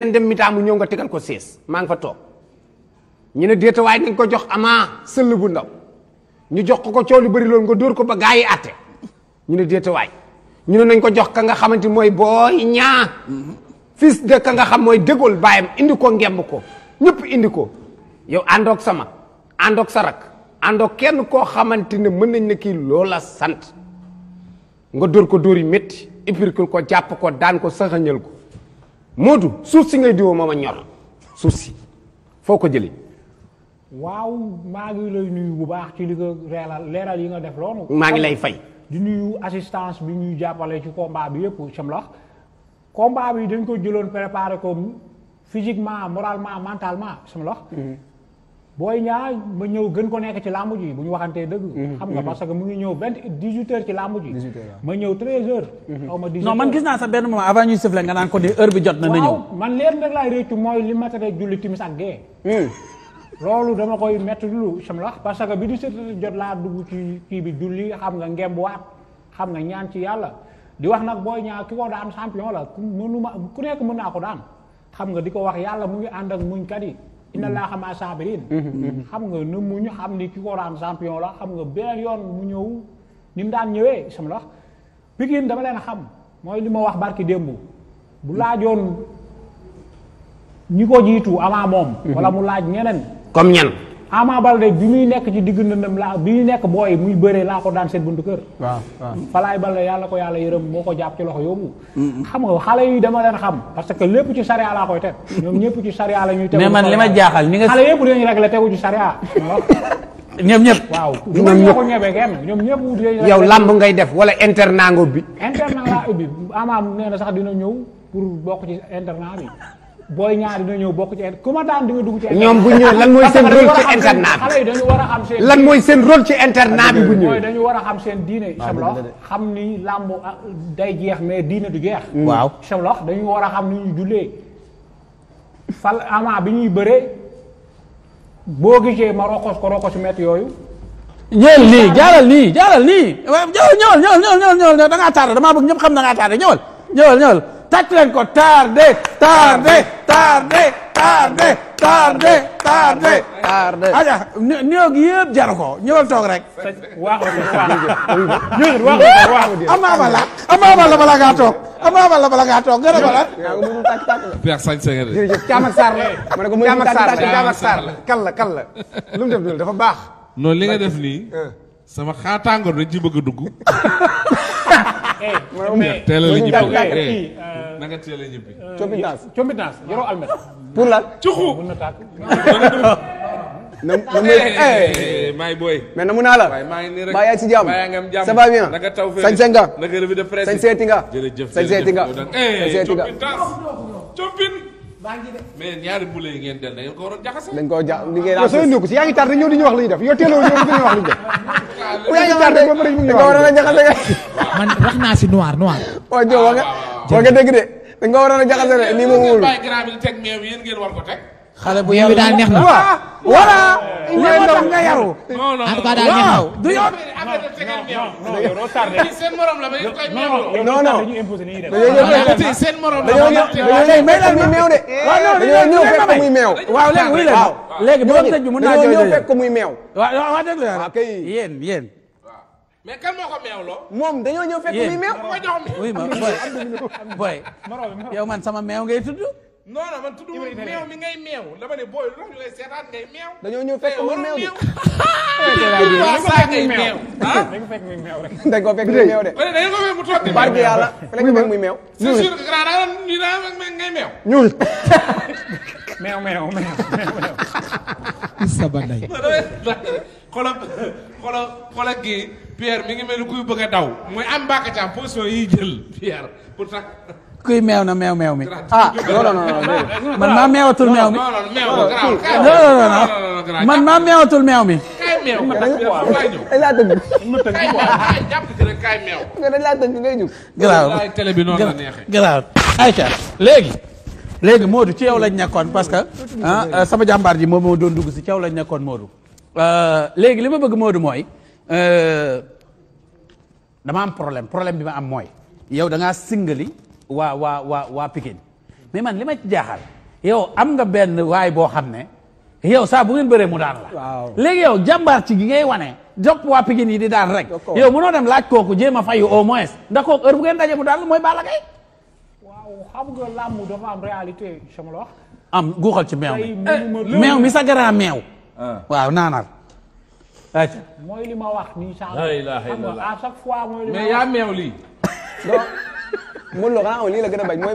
leen dem mitaa mu ñëw nga tegal ko sees maa ngi fa toog ñu ne déeta waaye nañ ko jox ama sëll bu ndaw ñu jox ko ko coow lu bëri loolu nga dóor ko ba gaayi yi àtte ñu ne déeta waay ñu ne nañ ko jox ka nga xamante mooy booy ñaa fis de ka nga xam mooy dégol baayam indi ko ngemb ko ñëpp indi ko yow àndoog sama àndoog sa rak àndoog kenn koo xamante ne mën nañ ne kii loola sant nga dóor ko dóor yi métti ipirkul ko jàpp ko daan ko saxañal ko moodu suuf si ngay diwoo moom a ñor suuf si foo ko jëlee. waaw maa ngi lay nuyu bu baax ci li nga reelal leeral yi nga def loolu. maa ngi lay fay. di nuyu assistance bi ñuy jàppale ci combat bi yëpp Chamlax combat bi dañ ko jëloon préparé ko physiquement moralement mentalement Chamlax. booy Niang ma ñëw gën ko nekk ci làmb ji bu ñu waxantee dëgg. Mhm. xam nga mhm. parce que mu ngi ñëw vingt dix huit heures ci làmb ji. ma ñëw treize heures. Mhm. man gis naa sa benn a avant ñuy sëfle nga naan ko de heure bi jot na na ñëw. man leen rek laay réccu mooy li ma tere julli timis ak gee. Hmm. loolu dama koy métti lu sam la parce que bi di seet jot laa dugg ci kii bi julli xam nga ngemb waat xam nga ñaan ci yàlla di wax nag Boy Niang ki ko daan champion la ku mënuma ku nekk mën naa ko daan xam nga di ko wax yàlla mu ngi ànd ak muñ kat yi laa xam maa saabiriin xam nga na muñu xam ni ki ko daan champion la xam nga benn yoon mu ñëw ni daan ñëwee sama la Pikine dama leen xam mooy li ma wax barki démb bu laajoon ñi ko jiitu avant moom wala mu laaj ñeneen comme ñan Ama Balde bi muy nekk ci digg ndëndam laa bi nekk booy muy bëre laa ko daan seet buntu kër. waaw waaw Falaay Balde yàlla ko yàlla yërëm moo ko jàpp ci loxo yóbbu. xam nga xale yi dama leen xam. parce que lépp ci sariya laa koy teg. ñoom ñëpp ci sariya la ñuy tegu. mais man li ma jaaxal ni nga. xale yëpp dañuy rek la tegu ci sariya. ñoom ñëpp waaw ñoom ñëpp ko ñebe kenn ñoom ñëpp wut yow lamb ngay def wala internat nga ubbi internat laa ubbi amaam nee na sax dina ñëw pour bokk ci internat bi booy ñaari dina ñëw bokk ci et ku ma daan di nga dugg ci. ñoom bu ñu ñëwee lan mooy seen rôle ci internat bi dañu war a xam seen lan mooy seen rôle ci internat bi bu ñu ñëwee. dañu war a xam seen diine. waaw xam ni làmb ah, day jeex mais diine du jeex. Mm. waaw Chablox dañu war a xam ni ñuy jullee. fal ama bi ñuy bëree boo gisee ma rokos ko rokos met yooyu. ñëwal nii jàllal nii jàllal nii waaw jàllal ñëwal ñëwal ñëwal ñëwal da ngaa tardé damaa bëgg ñëpp xam da ngaa tardé ñëwal ñëwal ñëwal. tàcc leen ko tardé tardé tardé tardé tardé tardé tardé aja néew gi yëpp jaru ko ñëwal toog rek waaxu waaxu amaama la amaama la bala ngaa toog amaama la bala ngaa toog nga ko lan Père Sagne Senghor jërëjëf Thiam ak Sarr la Thiam ak Sarr Thiam ak Sarr la kan la kan la lu mu def loolu dafa baax non li nga def nii euh. sama xaataangoor dañ ci bëgg a dugg mais teel a la ñibbi na nga teel a ñibbi. compétence compétence yoroo almet. Ah. pour lan ah, na tàkk. na na may boy. mais namu naa la. mbaa yaa ci jàmm ça va bien. sañ seen nga. sañ seeti nga. sañ seeti nga. sañ seeti nga. maa ngi de. mais ñaari mbule yi ngeen dellu da ngeen ko waroon jaxase. dañ koo ja li ngeen. soo yëngu si yaa ngi tardé ñëw di ñu wax li ñuy def yow teeloo ñëw di ñu wax li ñuy def. ku yaa ngi tardé ba pare ñu ngi wax li ñuy def man wax naa si noir noir. waaw joo wa nga ah, wa nga dégg de dañ ko waroon a jaxase de nii moom wóorul. yéen ngeen bàyyi grand bi teg meew yéen ngeen war ko teg xale bu yow daal neex na voilà. léegi moo tax nga yaru. en tout cas daal neex na. du yow seen morom la non non seen morom la dañoo ñëw fekk muy meew. waaw léegi wuy leen léegi bu doon tëj mën naa jooy ñëw fekk muy meew. waaw waaw dégg nga kay yéen yéen. mais kan moo ko meewloo. moom dañoo ñëw fekk muy meew. oui ma booy booy yow man sama meew ngay tudd. non non man tudd meew mi ngay meew dama ne booy lu ñu lay seetaan ngay meew. dañoo ñëw fekk eh, mu meew de. waaw saa ngay meew ah. dañ ko fekk muy meew rek. dañ ko fekk muy meew de. dañ ko fekk mu toog di meew barke yàlla dañ ko fekk muy meew. c'est sûr que grand da ñu daa ngay meew. ñuul. meew meew meew meew. isa ba day. xoolal xoolal xoolal kii Pierre mi ngi mel ni kuy bëgg a daw mooy am mbàkk ci am position yiy jël Pierre pour tax. kuy meew na meew meew mi ah non non non man maa meewatul meew mi man maa meewatul meew mi. dañ laa tënk. dañ ngay jug. garaaw garaaw ayca léegi. léegi Modou ci yow lañ nekkoon parce que ah, euh, sama jàmbaar ji moom moo doon dugg si ci yow lañ nekkoon Modou. Euh, léegi li ma bëgg Modou mooy euh, dama am problème problème bi ma am mooy yow da ngaa waa waa waa waa Pikine mais man li ma ci jaaxal yow am nga benn waay boo xam ne yow saa bu ngeen bëree mu daan la. léegi yow jàmbaar ci gi ngay wane. jopp waa Pikine yi di daan rek. yow mënoo dem laaj kooku jéem fay fayu au moins ndax kooku heure bu ngeen daje mu daan la mooy baa Gaye. waaw xam nga làmb am réalité sama la wax. am guuxal ci meew mi eh, meew mi sa meew. Ah. waaw naanaal. mooy li ma wax nii. la ilaha illallah xam nga à li yaa meew lii. Modou Lo xanaa la gën a bañ mooy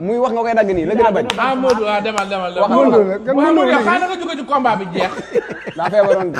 muy wax nga koy nga koy dagg nii muy wax nga koy dagg a bañ ah Modou ah, waaw la xanaa nga jóge ci combat bi jeex daa feebaroon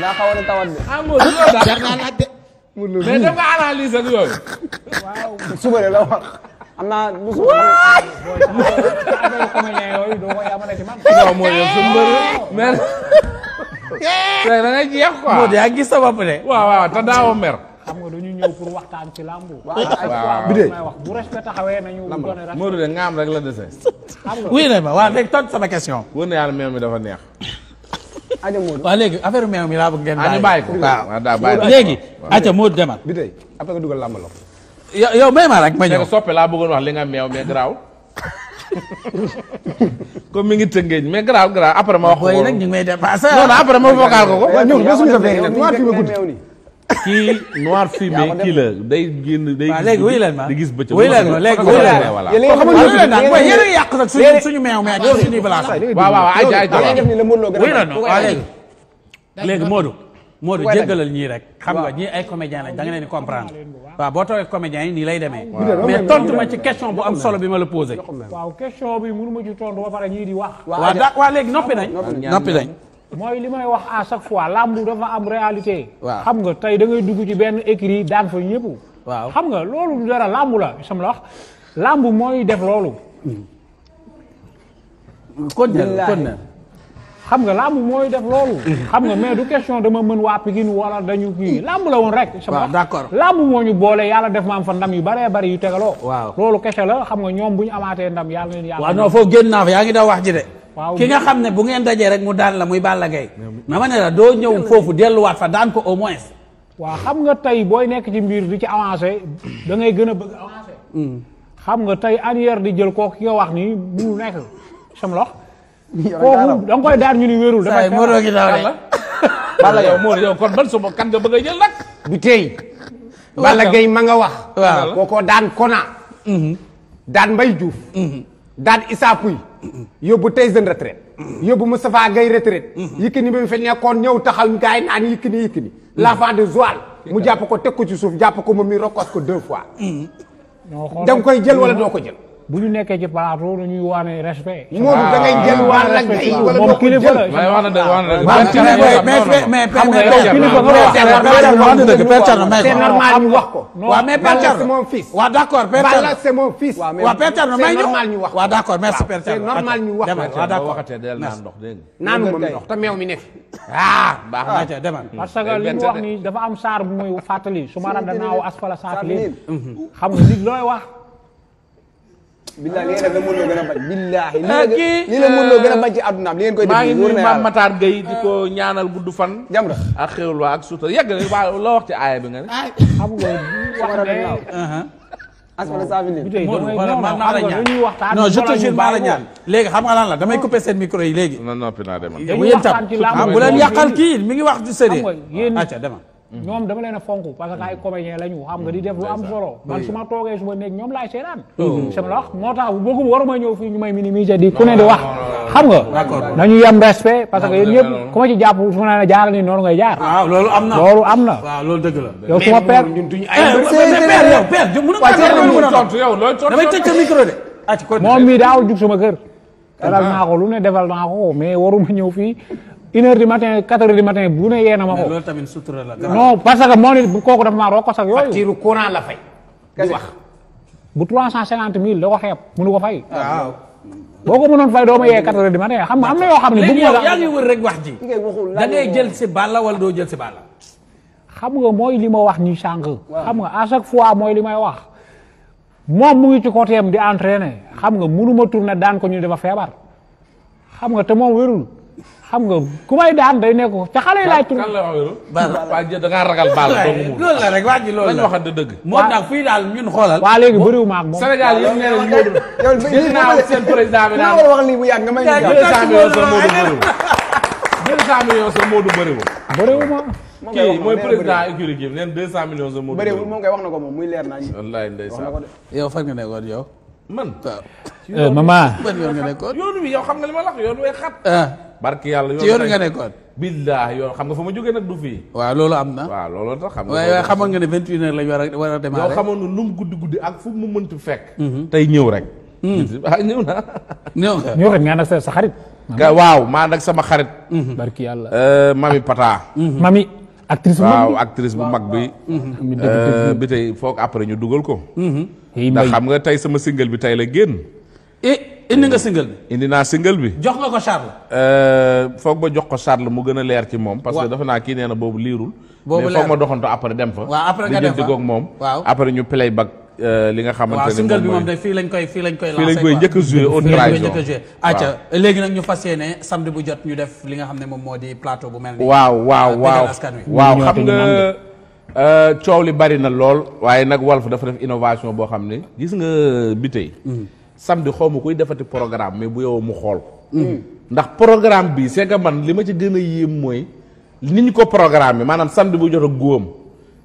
daa xawoon a tawat de ah Modou loolu daal jar naa la wax am naa lu su ko yamale ci man non mooy yow su mbër mais mer xam nga dañu ñëw pour waxtaan ci làmbu. waaw bi de wax bu respect taxawee nañu. Modou de ngaam rek la dese. xam nga wuyu na ma waaw léegi tontu sama question. wër na yàlla meew mi dafa neex. aja Modou waaw léegi affaire meew mi laa bëgg ngeen. bàyyi bàyyi ko waaw daa bàyyi ko léegi. aja dugal làmb la. yow yow may ma rek ma ñëw. soppe laa bëggoon wax li nga meew mais garaaw. comme mi ngi tëngeej mais garaaw après ma wax. ko nag ñu ngi may dépassé. non non après ma vocal ko kii noir fumier kii la day génn day. waaw gis bëccëg. wuyu leen ma léegi wuyu leen ma voilà. yéen a yàq nag suñu suñu meew meeg suñuy balaa. waaw waaw ayca ayca waaw léegi. léegi Modou. Modou jéggalal ñii rek. xam nga ñii ay comédien lañ da nga leen comprendre. waaw boo toogee comédien yi nii lay demee. mais tontu ma ci question bu am solo bi ma la posé. waaw question di wax. waaw léegi noppi nañ noppi nañ mooy li may wax à chaque fois làmb dafa am réalité. waaw xam nga tey da ngay dugg ci benn écrit daan fa ñëpp. waaw xam nga loolu dara làmb la sam la wax làmb mooy def loolu. kon na xam nga làmb mooy def loolu. xam nga mais du question dama mën waa Pikine wala dañu kii làmb la woon rek. waaw d'accord làmb moo ñu boole yàlla def ma am fa ndam yu baree bari yu tegaloo. loolu kese la xam nga ñoom bu ñu amaatee ndam yàlla na leen. yàlla waaw non foofu génn naa fa yaa ngi da wax ji de. ki nga xam ne bu ngeen dajee rek mu daan la muy Balla Gaye ma ne la doo ñëw foofu delluwaat fa daan ko waaw xam nga tey booy nekk ci mbir di ci avancé da ngay gën a bëgg hmm. nga tey anière di jël kooku ki wax nii ni wérul dafay Modou gi daw de Balla yow Modou yow kon ban suma kan jël nag du tey Balla ma nga wax kookoo daan Kona hmm. daan Mbaye Diouf hmm. daan Issa Pouye yóbbu Tyson retraite yóbbu Moustapha Gueye retraite Yékini bi fi nekkoon ñëw taxal gars yi naan Yékini Yékini l'enfant de Joal mu jàpp ko teg ko ci suuf jàpp ko moom mi rokos ko deux fois da nga koy jël wala doo jël bu ñu nekkee ci plateau dañuy waane respect moom da ngay jël waan la ngay wala jël mais mais mais mais mais mais mais mais mais mais mais mais mais mais waaw mais Père Thierno moom fils waaw d' accord Père Thierno Balla c'est mon fils waaw Père ñu normal ñu wax waaw d' accord merci Père normal ñu wax waaw d' accord naan ndox dégg naanu moom ndox te meew mi ne fi ah, baax na ca ah. demal parce que li mu wax ni dafa am saar bu muy fàttali su ma danaaw asfala saafiliin mhm. xam nga nit looy wax billahi li ngeen def la mënuloo gën a bañ. billahi li ah, la mënuloo gën a eh, bañ ci àddunaam li ngeen koy def. maa ngi nuyu Mame Matar Gueye di ko ñaanal gudd fan. jam ra ak xéwlu ak suuta yàgg na waa loo wax ci aaya bi nga ne. xam nga war a dem naaw. asfala saafiliin ñuy waxtaan. non je te jure maa la ñaan léegi xam nga lan la damay couper seen micro yi léegi. non non ah, bu leen yàqal kii mi ngi wax du sérieux. acca dama Mm-hmm. ñoom dama leen a fonk parce que ay mm-hmm. comédien la ñu xam nga di mm-hmm. def lu am solo man su ma toogee su nekk ñoom la seetaan sama la wax moo tax booku waruma ñëw fii ñu may minimiser di ku ne di wax xam parce que yéen ñëpp ku ma ci jàpp su ma naan ah, am na loolu am na waaw loolu dëgg la yow su ma père damay tëj sa micro de mii daaw jug sama kër defal naa ko lu ne defal naa ko mais waruma ñëw fii une heure du matin quatre heures du matin bu ne yee na ma. loolu tamit sutura la. non parce que moo ne kooku dafa maa rokk sax yooyu. la fay. bu trois cent cinquante mille da ko xeeb mënu ko fay. Ah, boo ko mënoon fay doo ma yee quatre heures du matin xam nga am na yoo xam ne. bu ma la yaa ngi wër rek wax ji. da ngay jël si wala doo jël si Balla. xam nga mooy li ma wax nii sànq. xam nga à chaque fois mooy li may wax. moom mu ngi ci côté am di entraîner xam nga mënu ma tourner daan ko ñu dama feebar xam nga te moom wérul xam nga ku may daan day nekk ca xale yi laay tur. kan la waxee da ngaa ragal baal loolu la rek waa ji loolu la waxante dëgg. moo tax fii daal ñun xoolal. waa léegi bëriwuma ak moom Sénégal yëpp nee nañ Modou. yow naa seen président bi naan wax lii bu yàgg nga may ñu. deux cent millions sa Modou bëriwul. bëriwuma. kii mooy président écurie gi neen deux cent millions sa Modou bëriwul moom kay wax na ko moom muy leer naa ñu. wallaahi ndeysaan yow fan nga nekkoon yow. man. waaw. Eh, maman. yoon wi yow xam nga li ma la wax yoon wi xat ah. barki yàlla yoon yoon nga nekkoon. billaah yoon xam nga fa ma jógee nag du fii. waa loolu am na. waaw looloo tax xamoon nga ne vingt et une heures lañ war a war a démarrer. yow xamoon na lu mu guddi guddi ak fu mu mhm. tey ñëw rek. Mhm. ah ñëw na. ñëw nga ñëw rek sa xarit. waaw maa ak sama xarit. Mhm. barki yàlla. Euh, mami Pata. mami. actrice bu bu mag bi. Euh, bi tey foog après ñu dugal ko. ndax xam nga tey sama single bi tey la génn. Eh, indi nga single bi. indi naa single bi. jox nga ko Charles. Euh, foog ba jox ko Charles mu gën a leer ci moom. parce que dafa naa kii nee na boobu liirul. boobu leerul mais foog dem fa. waaw après nga dem fa moom. waaw après euh, nga xamante ne waaw bi moom de fii lañ koy fii lañ koy. lancé fii lañ koy njëkk a joué au trahison njëkk a joué acca léegi nag ñu fas yéene samedi bu jot ñu def li nga xam ne moom moo di plateau bu mel nii. waaw waaw waaw waaw xam nga. Euh, coow li bari na lool waaye nag Walf dafa def innovation boo xam ne gis nga bi samedi xaw ma kuy defati programme mais bu yow mu xool mm. ndax programme bii c'est que man li ma ci gën a yéem mooy ni ñu ko programme bi maanaam samedi bu jot ak góom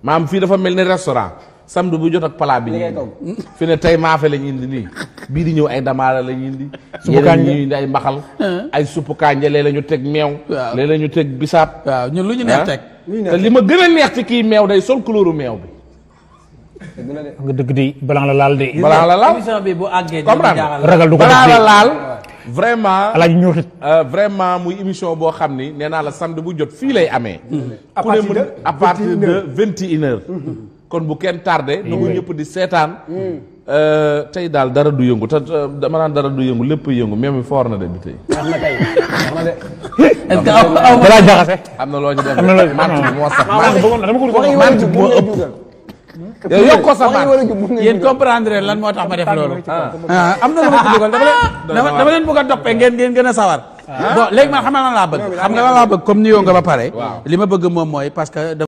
maanaam fii dafa mel ni restaurant samedi bu jot ak plat bi. ñu fi ne tey maafe lañ indi nii bii di ñëw ay damaara lañ indi. suppu kànja ñu indi ay mbaxal. Ah. ay suppu kànja la ñu teg meew. waaw léeg la ñu teg bisaab. ñun lu ñu neex ah. teg. te li ma gën a neex ci kii meew day sol couleur meew bi. nga dëgg di balaa la laal de. balaa la laal émission bi bu àggee ragal du ko balaa la laal. vraiment alaaji euh, émission boo xam ni nee naa la samedi bu jot fii lay amee. ku ne mën à partir de mm-hmm. kon bu kenn tardé. Mm-hmm. di seetaan. Mm-hmm. Euh, tey daal dara du yëngu te dama naan dara du yëngu lépp yëngu même foor na de bi tey. wax na tey wax na de. est-ce que aw aw balaa jaxase. am na loo ñu def am na loo ñu def ah. moo sax. maa ngi bëggoon yow yokk ko sa baat yéen lan moo tax ma def ah. loolu. Ah. Ah, am na lu ma ci dugal dama leen bëgg a toppee ngeen ngeen gën a sawar. bon léegi man xam laa bëgg. xam nga laa bëgg comme nuyoo nga ba pare. li ma bëgg moom mooy parce que.